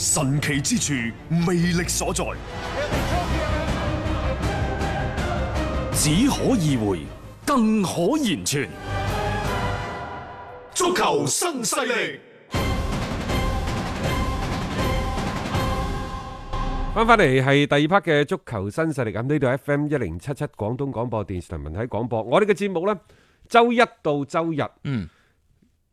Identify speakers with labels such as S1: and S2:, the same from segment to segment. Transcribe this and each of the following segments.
S1: 神奇之處，魅力所在，只可意會，更可言傳。足球新勢力，翻翻嚟係第二 part 嘅足球新勢力啊！呢度係 F M 一零七七廣東廣播電視台文體廣播，我哋嘅節目呢，周一到周日，嗯。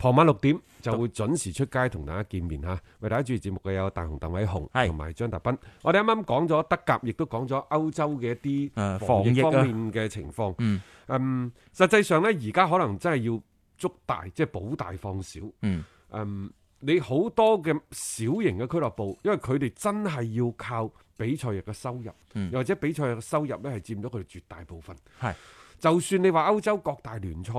S1: 傍晚六點就會準時出街同大家見面吓，為大家主持節目嘅有大雄鄧偉雄同埋張達斌。我哋啱啱講咗德甲，亦都講咗歐洲嘅一啲防疫方面嘅情況，啊啊。嗯，嗯實際上呢，而家可能真係要捉大，即係保大放小。嗯，嗯，你好多嘅小型嘅俱樂部，因為佢哋真係要靠比賽日嘅收入，又、嗯、或者比賽日嘅收入咧係佔咗佢哋絕大部分。係，就算你話歐洲各大聯賽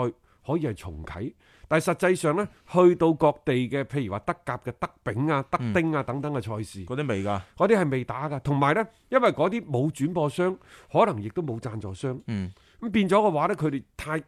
S1: 可以係重啟。但係實際上咧，去到各地嘅，譬如話德甲嘅德丙啊、德丁啊等等嘅賽事，嗰啲未㗎，嗰啲係未打㗎。同埋咧，因為嗰啲冇轉播商，可能亦都冇贊助商。嗯，咁變咗嘅話咧，佢哋太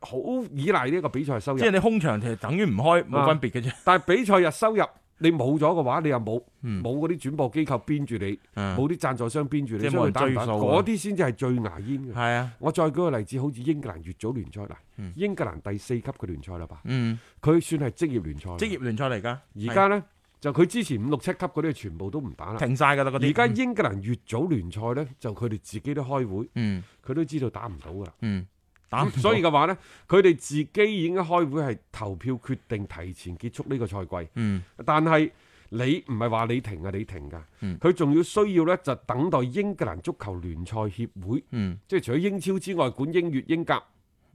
S1: 好依賴呢一個比賽收入。即係你空場其實等於唔開，冇分別嘅啫。嗯，但係比賽日收入。你冇咗嘅話，你又冇冇嗰啲轉播機構編住你，冇啲贊助商編住你，所以單板嗰啲先至係最牙煙嘅。係啊，我再舉個例子，好似英格蘭乙組聯賽嗱，英格蘭第四級嘅聯賽啦吧，佢、嗯、算係職業聯賽，職業聯賽嚟噶。而家咧就佢之前五六七級嗰啲全部都唔打啦，停晒噶啦，而家英格蘭乙組聯賽咧，就佢哋自己都開會，佢、嗯、都知道打唔到噶啦。嗯嗯。 所以嘅話呢，佢哋自己已經開會係投票決定提前結束呢個賽季。嗯，但係你唔係話你停啊，你停㗎。佢仲要需要呢，就等待英格蘭足球聯賽協會。嗯，即係除咗英超之外，管英、乙、英格。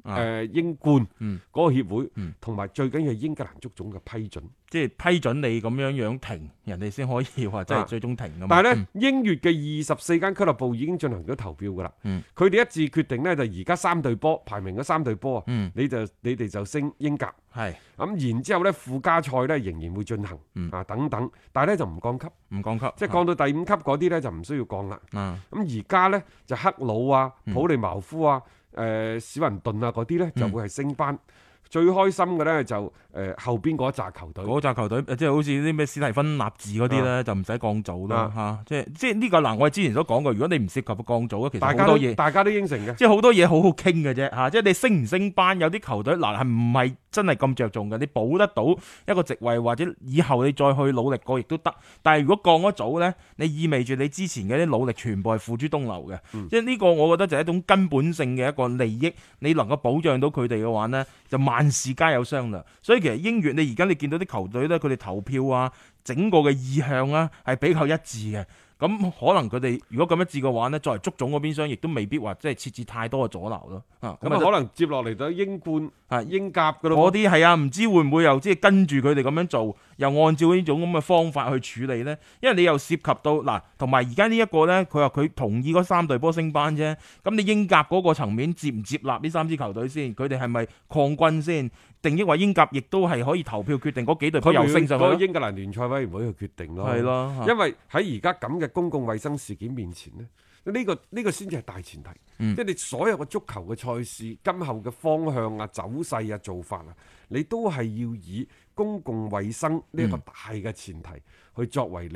S1: 誒，英冠嗰個協會同埋最緊要係英格蘭足總嘅批准，即係批准你咁樣樣停，
S2: 人哋先可以話真係最終停。但係咧，
S1: 英乙嘅二十四間俱樂部已經進行咗投票噶啦，佢哋一致決定咧就而家三隊波，排名嗰三隊波啊，你就你哋就升英甲。係咁，然之後咧附加賽咧仍然會進行啊等等，但係咧就唔降級，唔降級，即係降到第五級嗰啲咧就唔需要降啦。咁而家咧就克魯啊、普利茅夫啊。誒，史雲頓啊嗰啲咧就會係升班。嗯最開心嘅咧就誒、呃、後邊嗰一扎球隊，嗰扎球隊即係好似啲咩史提芬納
S2: 治嗰啲咧，啊、就唔使降組咯嚇，即係即係呢、呢個嗱，我哋之前所講嘅，如果你唔涉及降組其實好多嘢大家都，大
S1: 家都應承嘅、啊，即係
S2: 好多嘢好好傾嘅啫嚇，即係你升唔升班，有啲球隊嗱係唔係真係咁着重嘅？你保得到一個席位或者以後你再去努力過亦都得，但係如果降咗組咧，你意味住你之前嘅啲努力全部係付諸東流嘅，嗯、即係呢個我覺得就係一種根本性嘅一個利益，你能夠保障到佢哋嘅話咧，就萬事皆有商量。所以其實英粵，你而家你見到啲球隊咧，佢哋投票啊，整個嘅意向啊，係比較一致嘅。咁可能佢哋如果咁一致嘅話咧，作為足總嗰邊商，亦都未必話即係設置太多嘅阻撓咯。啊、嗯，咁、嗯、啊，嗯、可能
S1: 接落嚟就英冠啊，英甲嗰啲係啊，
S2: 唔知會唔會又即係跟住佢哋咁樣做？又按照呢種咁嘅方法去處理呢，因為你又涉及到嗱，同埋而家呢一個呢，佢話佢同意嗰三隊波升班啫。咁你英甲嗰個層面接唔接納呢三支球隊先？佢哋係咪抗軍先？定抑或英甲亦都係可以投票決定嗰幾隊波又升上去。
S1: 英格蘭聯賽委員會去決定咯。係咯，因為喺而家咁嘅公共衛生事件面前咧。呢個呢個先至係大前提，即係、嗯、你所有嘅足球嘅賽事、今後嘅方向啊、走勢啊、做法啊，你都係要以公共衛生呢一個大嘅前提、嗯、去作為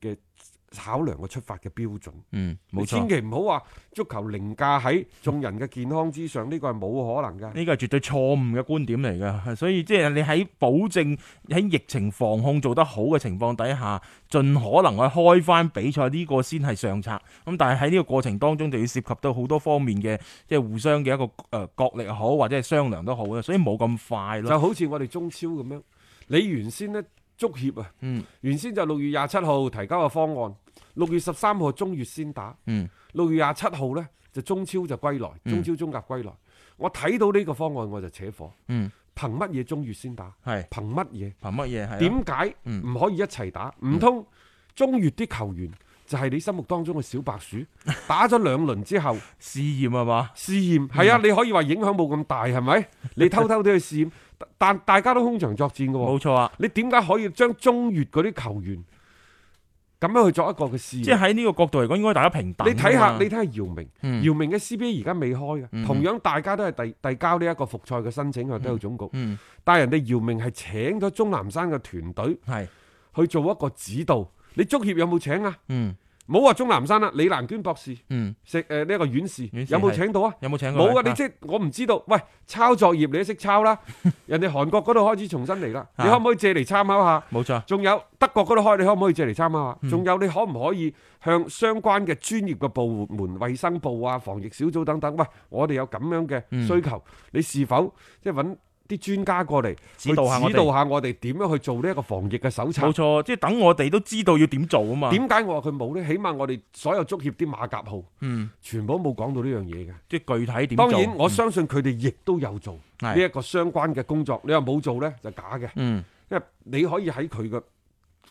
S1: 你嘅考量個出發嘅標準，嗯，冇錯，千祈唔好話足球凌駕喺眾人嘅健康之上，呢個係冇可能噶，呢
S2: 個係絕對錯誤嘅觀點嚟噶，所以即係你喺保證喺疫情防控做得好嘅情況底下，盡可能去開翻比賽，呢個先係上策。咁但係喺呢個過程當中就要涉及到好多方面嘅，即係互相嘅一個誒角力好或者係商量都好啊，所以冇咁
S1: 快咯。就好似我哋中超咁樣，你原先咧。足協啊，原先就六月廿七號提交個方案，六月十三號中乙先打，六月廿七號呢，就中超就歸來，中超中甲歸來。我睇到呢個方案我就扯火，嗯、憑乜嘢中乙先打？係憑乜嘢？憑乜嘢？點解唔可以一齊打？唔通、嗯、中乙啲球員就係你心目當中嘅小白鼠？嗯、打咗兩輪之後試驗係嘛？試驗係啊，嗯、你可以話影響冇咁大係咪？你偷偷哋去試驗。但大家都空場作戰嘅喎、哦，冇錯啊！你點解可以將中超嗰啲球員咁樣去做一個嘅試驗？即係喺呢個角度嚟講，應該大家平等你看看。你睇下，你睇下姚明，嗯、姚明嘅 CBA 而家未開嘅，嗯、同樣大家都係遞遞交呢一個復賽嘅申請去體育總局。嗯嗯、但係人哋姚明係請咗鍾南山嘅團隊係去做一個指導。是你足協有冇請啊？嗯冇話鍾南山啦，李蘭娟博士，食誒呢一個院士，有冇請到啊？有冇請過？冇啊！你即係我唔知道。喂，抄作業你都識抄啦。人哋韓國嗰度開始重新嚟啦，你可唔可以借嚟參考下？冇錯。仲有德國嗰度開，你可唔可以借嚟參考下？仲有你可唔可以向相關嘅專業嘅部門，衞生部啊、防疫小組等等，喂，我哋有咁樣嘅需求，你是否即係揾？啲專家過嚟指導下我哋點樣去做呢一個防疫嘅手冊。冇錯，即係等我哋都知道要點做啊嘛。點解我話佢冇咧？起碼我哋所有足協啲馬甲號，嗯，全部都冇講到呢樣嘢嘅，即係具體點做？當然，我相信佢哋亦都有做呢一個相關嘅工作。你話冇做咧就假嘅，嗯，因為你可以喺佢嘅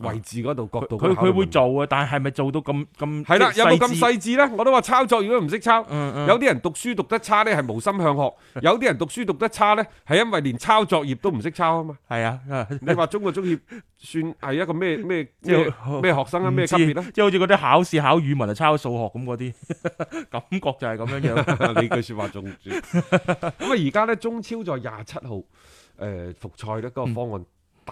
S1: 位置嗰度角度，佢佢會做啊，但係咪做到咁咁細？係啦，有冇咁細緻咧？我都話抄作業都唔識抄，有啲人讀書讀得差咧係無心向學，有啲人讀書讀得差咧係因為連抄作業都唔識抄啊嘛。係啊，你話中國中葉算係一個咩咩即係咩學生咧？咩級別咧？即
S2: 係好似嗰啲考試考語文啊抄數學咁嗰啲，感覺
S1: 就係咁樣樣。你句説話中唔中？咁啊，而家咧中超在廿七號誒復賽咧嗰個方案，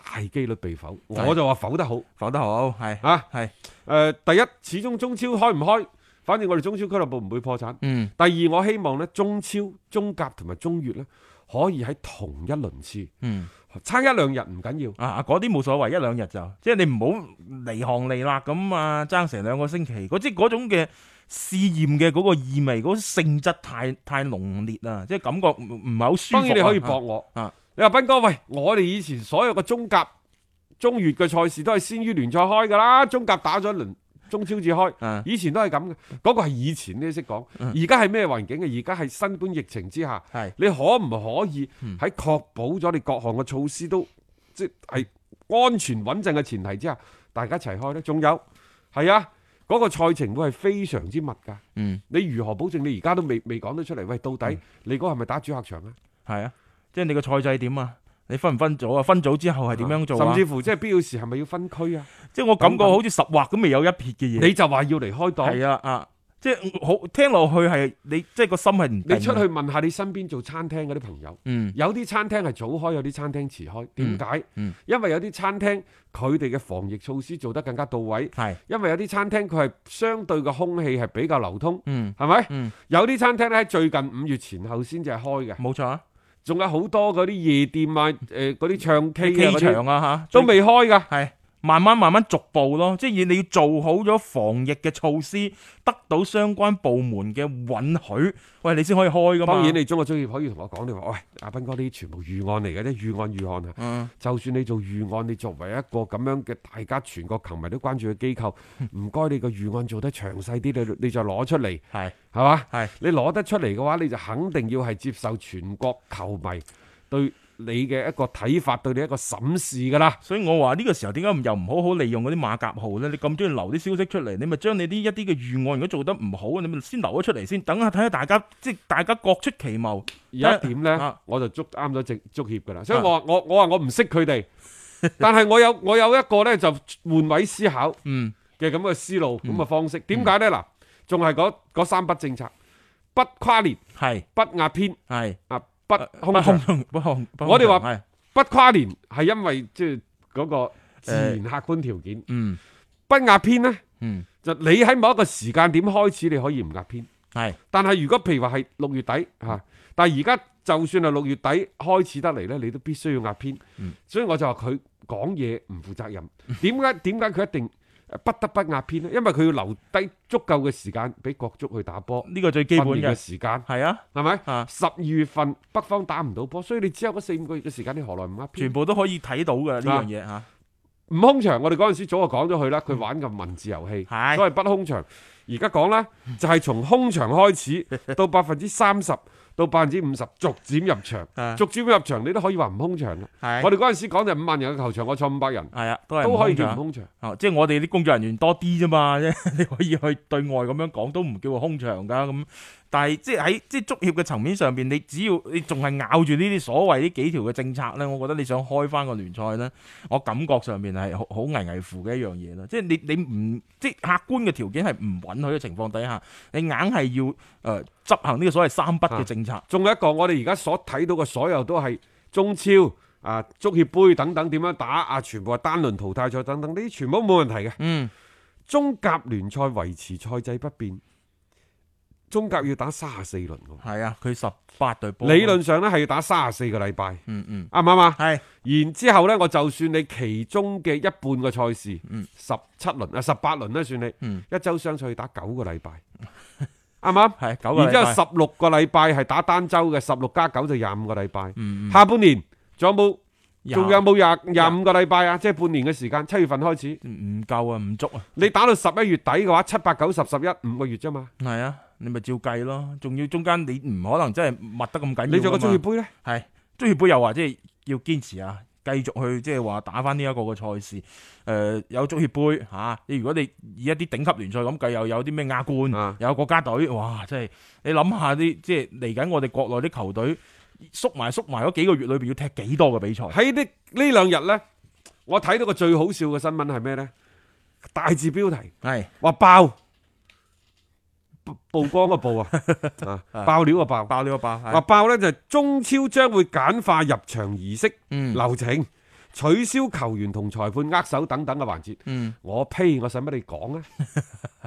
S1: 大機率被否，是我就話否得好，否得好，係是啊，係誒是、呃。第一，始終中超開唔開，反正我哋中超俱樂部唔會破產。嗯、第二，我希望咧中超、中甲同埋中乙咧可以喺同一輪次，嗯、差一兩日唔緊要啊。嗰啲冇所謂，一兩日就，即係你唔好離
S2: 行離辣咁啊，爭成兩個星期，嗰啲嗰種嘅試驗嘅嗰個意味，嗰、那、種、個、性質太太濃烈啦，即係感覺唔係好舒服。當然你可以駁我啊。啊啊啊
S1: 你話斌哥，喂，我哋以前所有嘅中甲、中乙嘅賽事都係先於聯賽開噶啦，中甲打咗一輪，中超至開，以前都係咁嘅。嗰、嗰個係以前咧，識講。而家係咩環境啊？而家係新冠疫情之下，係是你可唔可以喺確保咗你各項嘅措施都、嗯、即係安全穩陣嘅前提之下，大家一齊開咧？仲有係啊，嗰、嗰個賽程會係非常之密噶。嗯，你如何保證你而家都未未講得出嚟？喂，到底、嗯、你嗰係咪打主客場啊？係啊。即係你個賽制點
S2: 啊？你分唔分組啊？分組之後係
S1: 點樣做、啊啊、甚至乎即係必要時係咪要分區啊？即係我感覺好似十劃咁未有一撇嘅嘢。你就話要嚟開檔係啊啊！即係好聽落去係你即係個心係唔平、啊、你出去問下你身邊做餐廳嗰啲朋友，嗯，有啲餐廳係早開，有啲餐廳遲開，點解？嗯嗯、因為有啲餐廳佢哋嘅防疫措施做得更加到位，係是，因為有啲餐廳佢係相對個空氣係比較流通，嗯，係咪？有啲餐廳咧最近五月前後先至係開嘅，冇錯啊。仲有好多嗰啲夜店啊，誒嗰啲唱 K 嘅場啊嚇，些些都未開㗎。係。慢慢慢慢逐步
S2: 咯，即係你要做好咗防疫嘅措施，得到相關部門嘅允許，喂，你先可以開噶嘛。當然，你
S1: 中國足協可以同我講，你話喂，阿斌哥，呢啲全部預案嚟嘅啫，預案預案啊。嗯。就算你做預案，你作為一個咁樣嘅大家全國球迷都關注嘅機構，唔該你個預案做得詳細啲，你你再攞出嚟，係係嘛？係吧是你攞得出嚟嘅話，你就肯定要係接受全國球迷對。你嘅一個睇法，對你一個審視噶啦，所以我話呢個時候點解又唔好好利用嗰啲馬甲
S2: 號咧？你咁中意留啲消息出嚟，你咪將你啲一啲嘅預案如果做得唔好，你咪先留咗出嚟先，等
S1: 下睇下大家即係大家各出其謀。而家點咧？啊、我就捉啱咗正足協噶啦，所以我話我我話我唔識佢哋，但係我有我有一個咧，就換位思考嘅咁嘅思路咁嘅、嗯、方式。點解咧？嗱、嗯，仲係嗰三不政策：不跨年，係不壓篇，係啊。不，空 不空，不空，我哋話不跨年係因為即係嗰個自然客觀條件、欸。嗯，不壓偏呢，嗯，就你喺某一個時間點開始，你可以唔壓偏，係是。但係如果譬如話係六月底吓，但係而家就算係六月底開始得嚟呢，你都必須要壓偏。嗯、所以我就話佢講嘢唔負責任。點解、嗯？點解佢一定？不得不壓偏，因為佢要留低足夠嘅時間俾國足去打波，呢個最基本嘅時間。係啊，係咪？十二月份、啊、北方打唔到波，所以你只有嗰四五個月嘅時間，你何來唔壓偏？全部都可以睇到嘅呢樣嘢吓。唔、啊啊、空場，我哋嗰陣時早就講咗佢啦。佢玩緊文字遊戲，啊、所謂不空場。而家講呢，就係、是、從空場開始到百分之三十。 到百分之五十，逐漸入場，啊、逐漸入場，你都可以話唔空場啦。係啊、我哋嗰陣時講就五萬人嘅球場，我坐五百人，係
S2: 啊，都可以叫唔空場。空場哦、即係我哋啲工作人員多啲啫嘛，啫， 你可以去對外咁樣講，都唔叫做空場噶咁。但係即係喺即係足協嘅層面上邊，你只要你仲係咬住呢啲所謂呢幾條嘅政策咧，我覺得你想開翻個聯賽咧，我感覺上邊係好好危危乎嘅一樣嘢咯。即係你你唔即係客觀嘅條件係唔允許嘅情況底下，你硬係要誒
S1: 執行呢個所謂三不嘅政策。仲有一個我哋而家所睇到嘅所有都係中超啊、足協杯等等點樣打啊，全部係單輪淘汰賽等等，呢啲全部都冇問題嘅。嗯，中甲聯賽維持賽制不變。中甲要打三十四輪嘅，係啊，佢十八隊波，理論上咧係要打三十四個禮拜。嗯嗯吧，啱唔啱？啊？係，然之後咧，我就算你其中嘅一半嘅賽事，嗯，十七輪啊，十八輪咧算你，一周雙賽要打九個禮拜，啱唔啱？係九，然之後十六個禮拜係打單周嘅，十六加九就廿五個禮拜。下半年仲有冇？
S2: 仲有
S1: 冇廿廿五個禮拜啊？即係半年嘅時間，七月份開始，唔夠啊，唔足啊。你打到十一月底嘅話，七八九十十一五個月啫嘛。係啊。你咪照計咯，
S2: 仲要中間你唔可能真係密得咁緊要。你做個足協杯咧，係足協杯又話即係要堅持啊，繼續去即係話打翻呢一個嘅賽事。誒、呃，有足協杯吓、啊，你如果你以一啲頂級聯賽咁計，又有啲咩亞冠，又、啊、有國家隊，哇！即、就、係、是、你諗下啲即係嚟緊我哋國內啲球隊縮埋縮埋嗰幾個月裏邊要踢幾
S1: 多嘅比賽。喺啲呢兩日咧，我睇到個最好笑嘅新聞係咩咧？大字標題係話是爆。曝光個曝啊，爆料個爆，爆料個爆。話爆咧就係是、就是、中超將會簡化入場儀式、嗯、流程，取消球員同裁判握手等等嘅環節。嗯、我呸，我使乜你講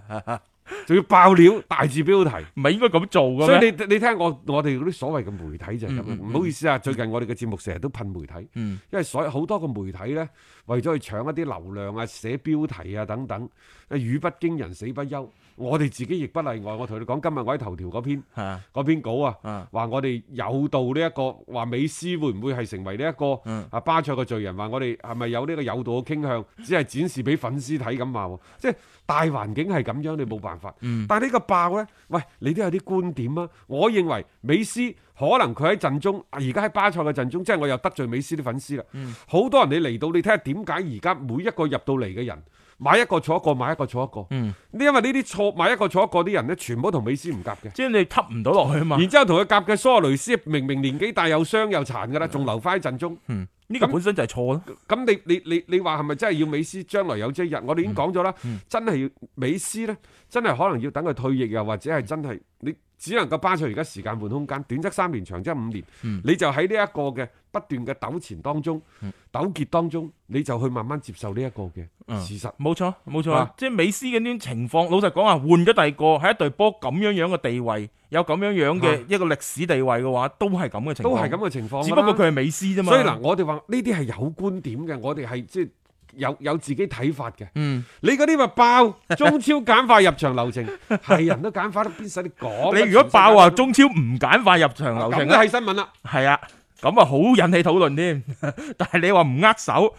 S1: 啊？仲 要爆料大字標題，咪應該咁做嘅咩？所以你你聽我我哋嗰啲所謂嘅媒體就係咁。唔、嗯嗯嗯、好意思啊，最近我哋嘅節目成日都噴媒體，嗯、因為所好多個媒體咧，為咗去搶一啲流量啊、寫標題啊等等，語不驚人死不休。我哋自己亦不例外，我同你講今日我喺頭條嗰篇、啊、篇稿啊，話、啊、我哋有道呢、這、一個話美斯會唔會係成為呢一個啊巴塞嘅罪人？話我哋係咪有呢個有道嘅傾向？只係展示俾粉絲睇咁話，即係大環境係咁樣，你冇辦法。但係呢個爆呢，喂，你都有啲觀點啊！我認為美斯可能佢喺陣中，而家喺巴塞嘅陣中，即係我又得罪美斯啲粉絲啦。好、嗯、多人你嚟到，你睇下點解而家每一個入到嚟嘅人，買一個錯一個，買一個錯一個。嗯，因為呢啲錯買一個錯一個啲人咧，全部同美斯唔夾嘅。即係你吸唔到落去嘛。然之後同佢夾嘅蘇亞雷斯，明明年紀大又傷又殘噶啦，仲留翻一陣鐘。嗯，呢個本身就係錯咯。咁你你你你話係咪真係要美斯將來有朝一日？我哋已經講咗啦，真係要美斯咧，真係可能要等佢退役啊，或者係真係。嗯嗯你只能夠巴塞而家時間換空間，短則三年，長則五年，你就喺呢一個嘅不斷嘅糾纏當中，糾、嗯、結當中，你就去慢慢接受呢一個嘅事實。冇錯、嗯，冇錯啊！
S2: 即係美斯嘅呢種情況，老實講啊，換咗第二個喺一隊波咁樣樣嘅地位，有咁樣樣嘅一個歷史
S1: 地位嘅話，都係咁嘅情況、啊，都係咁嘅情況。只不過佢係美斯啫嘛。所以嗱，我哋話呢啲係有觀點嘅，我哋係、就係、即係。有有自己睇法嘅，嗯，你嗰啲咪爆中超簡化入場流程，係 人都簡化得邊使你講？你如果
S2: 爆話中超唔簡化入場流程，都係新聞啦。係啊，咁啊好、啊、引起討論添，但係你話唔握手。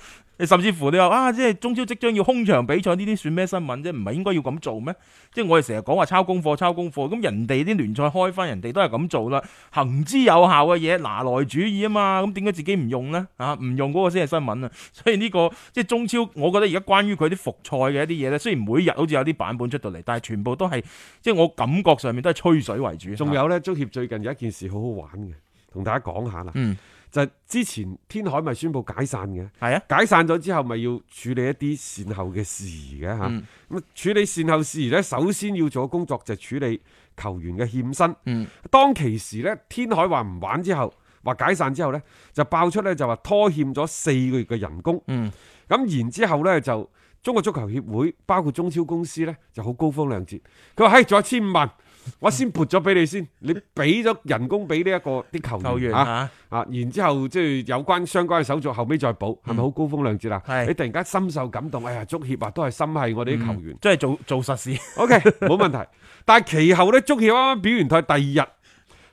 S2: 甚至乎你話啊，即係中超即將要空場比賽呢啲算咩新聞啫？唔係應該要咁做咩？即係我哋成日講話抄功課、抄功課，咁人哋啲聯賽開翻，人哋都係咁做啦，行之有效嘅嘢拿來主義啊嘛，咁點解自己唔用呢？啊，唔用嗰個先係新聞啊！所以呢個即係中超，我覺得而家關於佢啲複賽嘅一啲嘢咧，雖然每日好似有啲版本出到嚟，但係全部都係即係我感覺上面都係吹水為主。仲有
S1: 呢，足協最近有一件事好好玩嘅，同大家講下啦。嗯。就之前天海咪宣布解散嘅，係啊的，解散咗之後咪要處理一啲善後嘅事宜嘅吓，咁、嗯、處理善後事宜呢，首先要做嘅工作就係處理球員嘅欠薪。嗯、當其時呢，天海話唔玩之後，話解散之後呢，就爆出呢就話拖欠咗四個月嘅人工。咁、嗯、然之後呢，就中國足球協會，包括中超公司呢，就好高風亮節，佢話嘿仲有千五萬。我先撥咗俾你先，你俾咗人工俾呢一個啲球員啊，啊，然之後即係有關相關嘅手續，後尾再補，係咪好高風亮節啦？你突然間深受感動，哎呀，足協啊都係心繫我哋啲球員，即係做做實事。OK，冇問題。但係其後咧，足協啱啱表完態，第二日，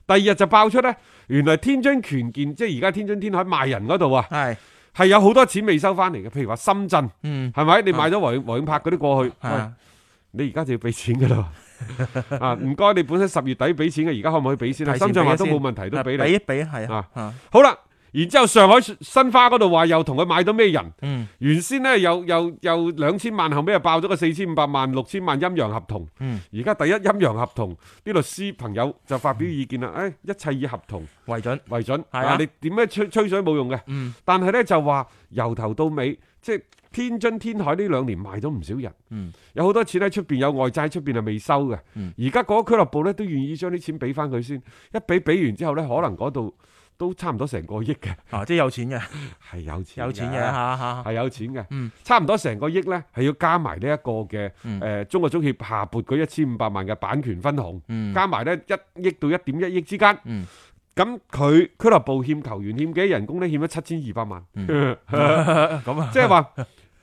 S1: 第二日就爆出咧，原來天津權健即係而家天津天海賣人嗰度啊，係係有好多錢未收翻嚟嘅，譬如話深圳，嗯，係咪？你買咗王王永珀嗰啲過去，你而家就要俾錢噶啦。啊，唔該，你本身十月底俾錢嘅，而家可唔可以俾先啊？深圳話都冇問題，都俾你。俾俾係啊，好啦，然之後上海申花嗰度話又同佢買咗咩人？原先呢又又兩千萬，後尾又爆咗個四千五百萬、六千萬陰陽合同。而家第一陰陽合同，啲律師朋友就發表意見啦。誒，一切以合同為準為準。啊，你點樣吹吹水冇用嘅。但係呢就話由頭到尾。即係天津天海呢兩年賣咗唔少人，嗯、有好多錢喺出邊，有外債喺出邊係未收嘅。而家嗰個俱樂部咧都願意將啲錢俾翻佢先，一俾俾完之後咧，可能嗰度都差唔多成個億嘅。啊，即係有錢嘅，係有錢，有錢嘅嚇係有錢嘅。錢嗯，差唔多成個億咧，係要加埋呢一個嘅誒、嗯呃、中國足協下撥嗰一千五百萬嘅版權分紅，嗯、加埋咧一億到一點一億之間。嗯咁佢俱樂部欠球員欠幾多人工咧？欠咗七千二百萬，咁啊、嗯，即係話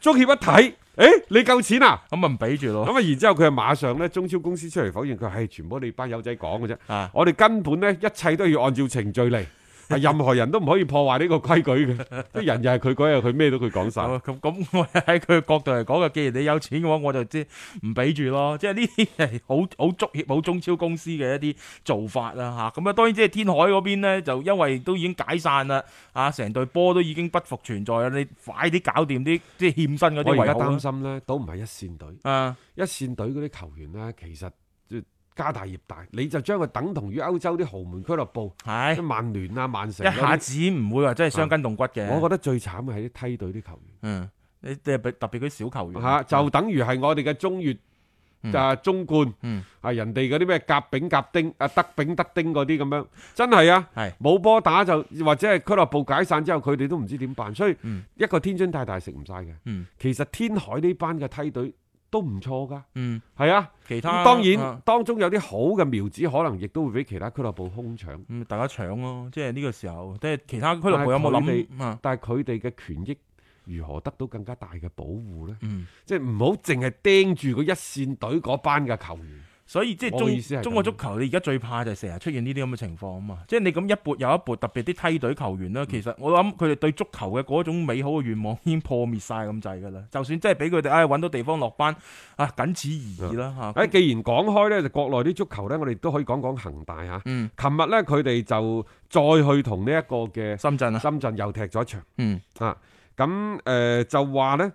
S1: 足協一睇，誒、欸，你夠錢啊？咁啊，唔俾住咯。咁啊，然之後佢係馬上咧，中超公司出嚟否認，佢係全部你班友仔講嘅啫，啊、我哋根本咧一切都要按照程序嚟。係 任何人都唔可以破壞呢個規矩嘅，啲人又係佢嗰日佢咩都佢講晒。咁咁我喺佢角度嚟講啊，既然你有錢嘅
S2: 話，我就即係唔俾住咯。即係呢啲係好好足協、好中超公司嘅一啲做法啦。吓，咁啊，當然即係天海嗰邊咧，就因為都已經解散啦，啊，成隊波都已經不復存在啦。你快啲搞掂啲即係欠薪嗰啲。我而家擔
S1: 心咧，都唔係一線隊啊，一線隊嗰啲球員咧，其實。家大業大，你就將佢等同於歐洲啲豪門俱樂部，即的曼聯啊、曼城，一下子唔會話真係傷筋動骨嘅。我覺得最慘嘅係啲梯隊啲球員，嗯的，你特別特別啲小球員嚇，就等於係我哋嘅中乙啊的中冠，啊的人哋嗰啲咩甲丙甲丁啊德丙德丁嗰啲咁樣，真係啊，係冇波打就或者係俱樂部解散之後，佢哋都唔知點辦，所以一個天津太大食唔晒嘅，的的其實天海呢班嘅梯隊。都唔錯噶，嗯，係啊，其他當然、啊、當中有啲好嘅苗子，可能亦都會俾其他俱樂部空搶、嗯，大家搶咯、啊，即係呢個時候，即係其他俱樂部有冇諗？但係佢哋嘅權益如何得到更加大嘅保護呢？即係唔好淨係盯住個一線隊嗰班嘅球員。所以即係中意中國足球，你而家最怕就
S2: 係成日出現呢啲咁嘅情況啊嘛！即係你咁一撥又一撥，特別啲梯隊球員啦，其實我諗佢哋對足球嘅嗰種美好嘅願望已經破滅晒咁滯㗎啦。就算即係俾佢哋唉揾到地方落班
S1: 啊，僅此而已啦嚇。誒、啊，嗯、既然講開咧，就國內啲足球咧，我哋都可以講講恒大嚇。嗯，琴日咧佢哋就再去同呢一個嘅深圳啊，深圳又踢咗一場。嗯，嗯啊，咁誒、呃、就話咧。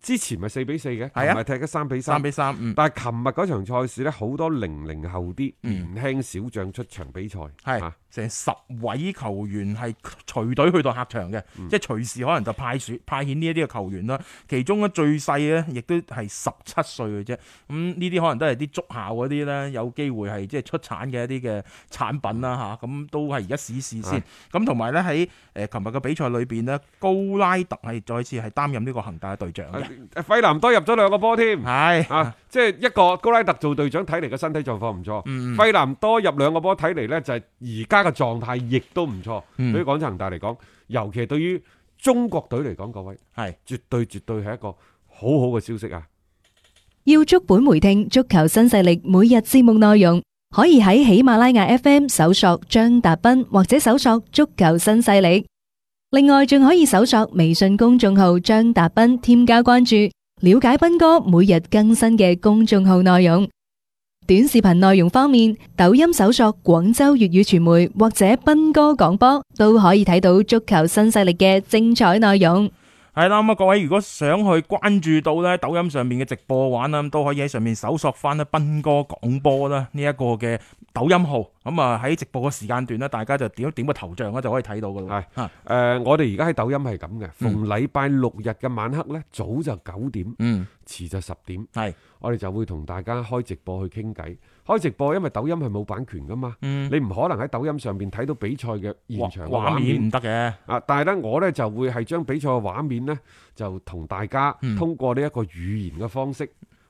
S1: 之前咪四比四嘅，琴日踢咗三比三，嗯，三比三，但係琴日嗰場賽事呢，好多零零後啲年輕小將出場比賽，係成是、啊、十位球員係隨隊去到客場嘅，嗯、
S2: 即係隨時可能就派選派遣呢一啲嘅球員啦。其中呢最細呢，亦都係十七歲嘅啫。咁呢啲可能都係啲足校嗰啲呢，有機會係即係出產嘅一啲嘅產品啦吓，咁、啊、都係而家試試先。咁同埋呢，喺誒琴日嘅比賽裏邊呢，高拉特係再次係擔任呢個恒大嘅隊長嘅。嗯。
S1: 費南多入咗兩個波添，係啊，即係一個高拉特做隊長，睇嚟，個身體狀況唔錯。費南多入兩個波，睇嚟呢就係而家嘅狀態亦都唔錯。對於廣州恒大嚟講，尤其對於中國隊嚟講，各位係絕對絕對係一個好好嘅消息啊！要足本回聽足球新勢力每日節目內容，可以喺喜馬拉雅 FM 搜索張達斌，或者搜索足球新勢力。另外，仲可以搜索微信公眾號張達斌，添加關注，了解斌哥每日更新嘅公眾號內容。短視頻內容方面，抖音搜索廣州粵語傳媒或者斌哥廣播，都可以睇到足球新勢力嘅精彩內容。
S2: 係啦咁啊，各位如果想去關注到咧抖音上面嘅直播玩啦，咁都可以喺上面搜索翻咧斌哥廣播啦，呢一個嘅抖音號。
S1: 咁啊喺直播嘅時間段咧，大家就點一點個頭像咧就可以睇到噶啦。係，誒、呃，我哋而家喺抖音係咁嘅，嗯、逢禮拜六日嘅晚黑咧，早就九點，嗯，遲就十點，係是，我哋就會同大家開直播去傾偈。開直播，因為抖音係冇版權噶嘛，你唔可能喺抖音上面睇到比賽嘅現場畫面唔得嘅。啊，但係咧，我咧就會係將比賽嘅畫面咧就同大家通過呢一個語言嘅方式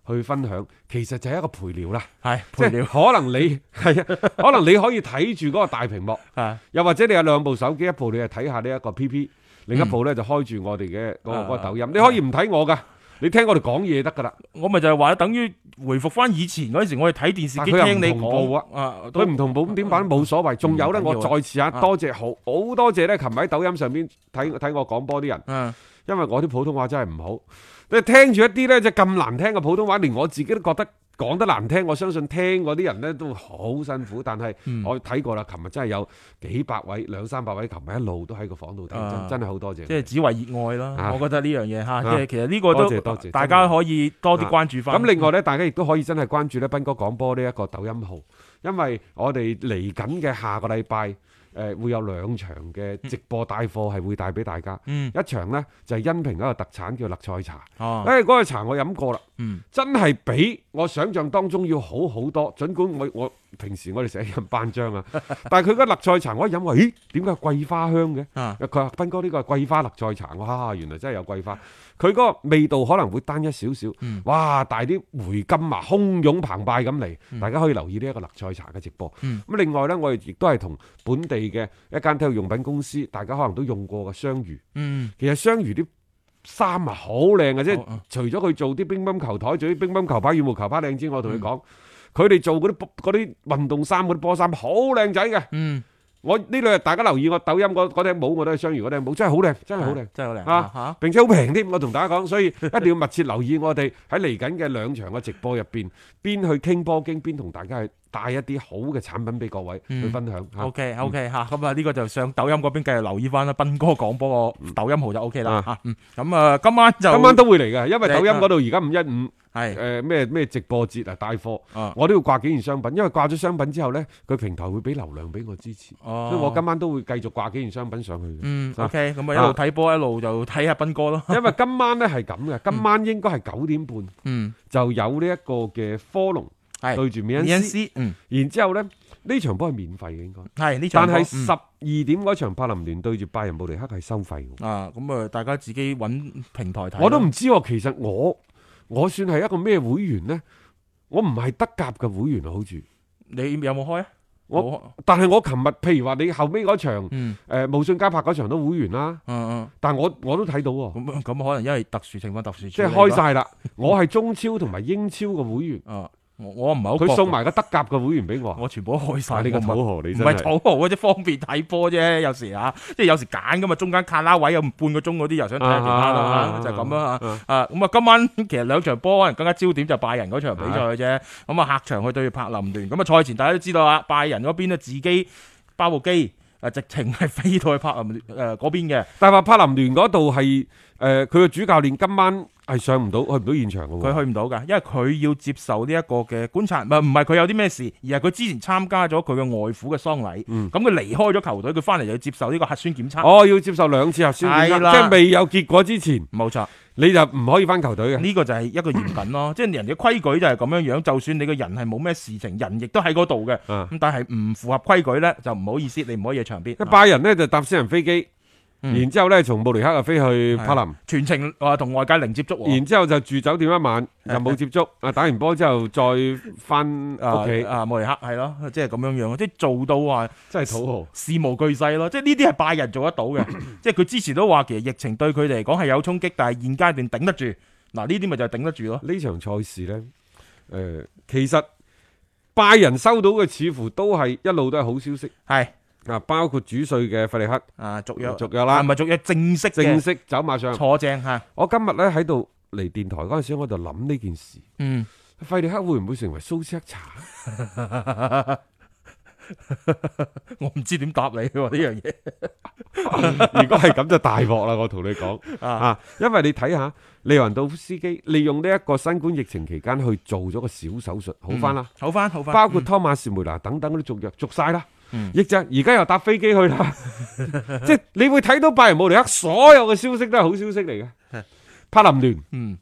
S1: 去分享，其實就係一個陪聊啦。係，陪聊可能你係啊，可能你可以睇住嗰個大屏幕，又或者你有兩部手機，一部你係睇下呢一個 PP，另一部咧就開住我哋嘅嗰個嗰個抖音，你可以唔睇我噶。你聽我哋講嘢得噶啦，我咪就係話等於回復翻以前嗰時我哋睇電視機聽你播，啊，佢唔同步咁點辦？冇所謂，仲有咧，我再次啊，多謝好好、啊、多謝咧，琴日喺抖音上邊睇睇我講波啲人，因為我啲普通話真係唔好，你聽住一啲咧即係咁難聽嘅普通話，連我自己都覺得。講得難聽，我相信聽嗰啲人咧都好辛苦，但係我睇過啦，琴日真係有幾百位、兩三百位，琴日一路都喺個房度睇，啊、真真係好多謝。即係只為熱愛啦，我覺得呢樣嘢嚇，即係、啊、其實呢個都、啊、大家可以多啲關注翻。咁、啊、另外咧，大家亦都可以真係關注咧，斌哥廣播呢一個抖音號，因為我哋嚟緊嘅下個禮拜誒會有兩場嘅直播帶貨係會帶俾大家。嗯、一場呢，就係、是、恩平嗰個特產叫簕菜茶。因為誒嗰個茶我飲過啦。嗯，真係比我想象當中要好好多。儘管我我，我平時我哋成日飲班章啊，但係佢嗰個檸茶，我一飲話咦，點解桂花香嘅？佢話斌哥呢個係桂花檸茶，哈，原來真係有桂花。佢嗰個味道可能會單一少少，嗯，哇，但係啲回甘啊，洶湧澎，澎湃咁嚟。嗯、大家可以留意呢一個檸茶嘅直播。咁、嗯、另外呢，我哋亦都係同本地嘅一間體育用品公司，大家可能都用過嘅雙魚。其實雙魚啲衫啊，好靚嘅啫！除咗佢做啲乒乓球台、做啲乒乓球拍、羽毛球拍靚之外，我同佢講，佢哋做嗰啲嗰啲運動衫、嗰啲波衫好靚仔嘅。嗯，我呢兩日大家留意我抖音嗰嗰頂帽，我都係雙魚嗰頂帽，真係好靚，真係好靚，真係好靚啊！吓，並且好平添，我同大家講，所以一定要密切留意我哋喺嚟緊嘅兩場嘅直播入邊，邊去傾波經，邊同大家去。帶一啲好嘅產品俾各位去分享。OK OK 吓，咁啊呢個就上抖音嗰邊繼續留意翻啦。斌哥講波個抖音號就 OK 啦吓。咁啊今晚就今晚都會嚟嘅，因為抖音嗰度而家五一五係誒咩咩直播節啊帶貨，我都要掛幾件商品，因為掛咗商品之後咧，佢平台會俾流量俾我支持，所以我今晚都會繼續掛幾件商品上去。嗯 OK，咁啊一路睇波一路就睇下斌哥咯。因為今晚咧係咁嘅，今晚應該係九點半，就有呢一個嘅科隆，係對住美因斯，嗯、然之後咧呢場波係免費嘅，應該係。但係十二點嗰場柏林聯對住拜仁慕尼黑係收費嘅。啊，咁、嗯、啊，
S2: 大家自己揾平台睇。我都唔
S1: 知喎，其實我我算係一個咩會員呢？我唔係德甲嘅會員，好似。你有冇開啊？我但係我琴日，譬如話你後尾嗰場，誒、嗯，慕遜加柏嗰場都會員啦。但係我我都睇到喎。咁可能因為特殊情況特殊情況。即係開晒啦！ 我係中超同埋英超嘅會員。 嗯我唔係佢送埋個德甲嘅會員俾我，我全部開晒。唔係不土豪，唔係土
S2: 豪啊，即方便睇波啫。有時啊，即、就、係、是、有時揀噶嘛，中間卡拉位有半個鐘嗰啲，又想睇下其他啦，就咁啦啊。咁啊，今晚其實兩場波可能更加焦點就拜仁嗰場比賽嘅啫。咁啊，的客場去對柏林聯。咁啊，賽前大家都知道啊，拜仁嗰邊咧
S1: 自己包部機，誒，直情係飛到去柏林誒嗰邊嘅。呃、邊但係柏林聯嗰度係誒，佢、呃、嘅、呃、主教練今晚。係上唔到，去唔到現場噶。佢去唔到噶，因
S2: 為佢要接受呢一個嘅觀察。唔係唔係佢有啲咩事，而係佢之前參加咗佢嘅外父嘅喪禮。咁佢離開咗球隊，佢翻嚟就要接受呢個核酸檢測。我、
S1: 哦、要接受兩次核酸檢測，啦即係未有結果之前。冇錯錯，你就唔可以翻球隊嘅。呢個就係一個嚴謹咯，嗯、即
S2: 係人哋嘅規矩就係咁樣樣。就算你個人係冇咩事情，人亦都喺嗰度嘅。咁、嗯、但係唔符合
S1: 規矩咧，就唔好意思，你唔可以喺場邊。拜仁呢，就搭私人飛機。然之後咧，從慕尼克啊飛去柏林，全程啊同外界零接觸。然之後就住酒店一晚，又冇是的 接觸。啊，打完波之後再翻屋企啊啊
S2: 慕尼克，係咯，即係咁樣樣，即係做到話，真係土豪事無巨細咯。即係呢啲係拜仁做得到嘅。 即係佢之前都話，其實疫情對佢嚟講係有衝擊，但係現階段頂得住。嗱，呢啲咪就係頂得住咯。呢場賽事
S1: 咧，誒、呃，其實拜仁收到嘅似乎都係一路都係好消息。係。啊！包括主帥嘅費利克啊，續約續約啦，唔係續約正式嘅，正式走馬上坐正吓。我今日咧喺度嚟電台嗰陣時，我就諗呢件事。嗯，費利克會唔會成為蘇斯克查？我唔知點答你呢樣嘢。如果係咁就大鑊啦，我同你講啊，因為你睇下利雲道夫斯基利用呢一個新冠疫情期間去做咗個小手術，好翻啦，好翻好翻。包括托馬士梅拿等等嗰啲續約，續晒啦。疫症，而家、嗯、又搭飛機去啦， 即係你會睇到拜仁慕尼黑所有嘅消息都係好消息嚟嘅。柏林聯，嗯，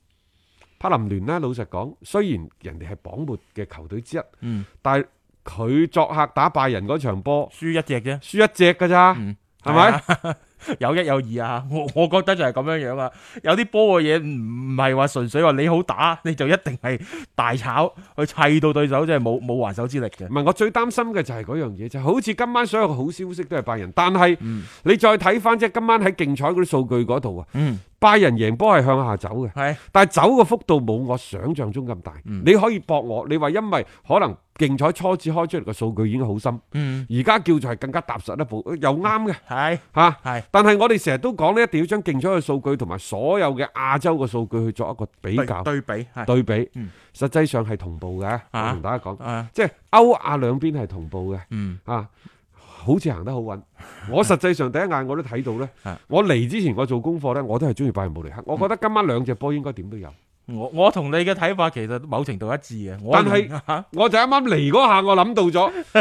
S1: 柏林聯呢，老實講，雖然人哋係榜末嘅球隊之一，嗯，但係佢作客打拜仁嗰場波，輸一隻啫，輸一隻噶咋，係咪？有一有二啊，我
S2: 我覺得就係咁樣樣啊，有啲波嘅嘢唔係話純粹話你好打你就一定係
S1: 大炒去砌到對手，即係冇冇還手之力嘅。唔係，我最擔心嘅就係嗰樣嘢，就好似今晚所有嘅好消息都係拜仁。但係、嗯、你再睇翻即係今晚喺競彩嗰啲數據嗰度啊。嗯拜仁贏波係向下走嘅，係，但係走嘅幅度冇我想象中咁大。你可以駁我，你話因為可能競彩初次開出嚟嘅數據已經好深，而家叫做係更加踏實一步，又啱嘅，係，吓，係。但係我哋成日都講咧，一定要將競彩嘅數據同埋所有嘅亞洲嘅數據去作一個比較、對比、對比。實際上係同步嘅，我同大家講，即係歐亞兩邊係同步嘅，啊。好似行得好穩，我實際上第一眼我都睇到呢。 我嚟之前我做功課呢，我都係中意拜仁慕尼克。我覺得今晚兩隻波應該點都有。
S2: 我我同你嘅睇法其實
S1: 某程度一致嘅。但係我就啱啱嚟嗰下，我諗到咗，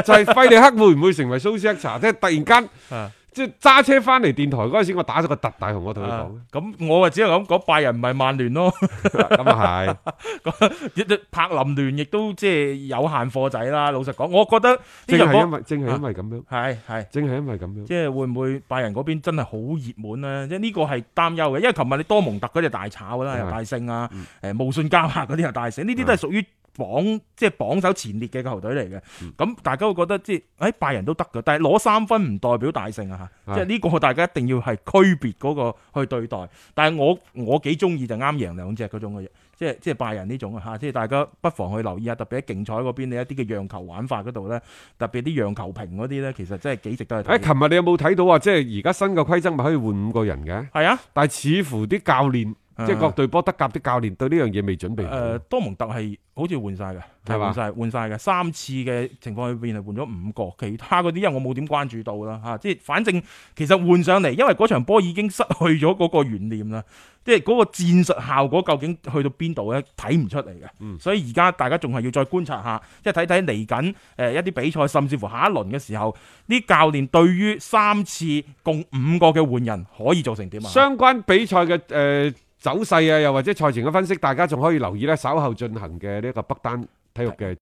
S1: 就係、是、費利克會唔會成為蘇斯克查？即係突然間。 即係揸車翻嚟電台嗰陣時，我打咗個特大同我同佢講。咁、啊、我啊只係咁講，拜仁唔係曼聯咯。咁啊
S2: 係，柏林聯亦都即係有限貨仔啦。老實講，我覺得啲人正係因為正係因為
S1: 咁樣，係係、嗯、正係因為咁樣。即
S2: 係會唔會拜仁嗰邊真係好熱門咧？即係呢個係擔憂嘅，因為琴日你多蒙特嗰隻大炒啦，又的大勝啊，誒的，慕遜、嗯、加柏嗰啲又大勝，呢啲都係屬於。榜即係榜首前列嘅個球隊嚟嘅，咁、嗯、大家會覺得即係喺拜仁都得嘅，但係攞三分唔代表大勝啊吓，即係呢個大家一定要係區別嗰個去對待。但係我我幾中意就啱贏兩隻嗰種嘅，即係即係拜仁呢種啊吓，即係大家不妨去留意下，特別喺競彩嗰邊你一啲嘅讓球玩法嗰度咧，特別啲讓球平嗰啲咧，其實真係幾值得去睇、哎。誒，琴日
S1: 你有冇睇到啊？即係而家新嘅規則咪可以換五個人嘅？係啊，但係似乎啲教練。即係各隊波德甲啲教練對呢樣嘢未準備好誒、呃，多蒙特
S2: 係好似換晒嘅，係嘛？換晒換晒嘅三次嘅情況入面係換咗五個，其他嗰啲因為我冇點關注到啦吓。即、啊、係反正其實換上嚟，因為嗰場波已經失去咗嗰個懸念啦。即係嗰個戰術效果究竟去到邊度咧，睇唔出嚟嘅。嗯、所以而家大家仲係要再觀察下，即係睇睇嚟緊誒一啲比賽，甚至乎下一輪嘅時
S1: 候，啲教練對於三次共五個嘅換人可以做成點啊？相關比賽嘅誒。呃走勢啊，又或者賽前嘅分析，大家仲可以留意咧，稍後進行嘅呢個北單體育嘅。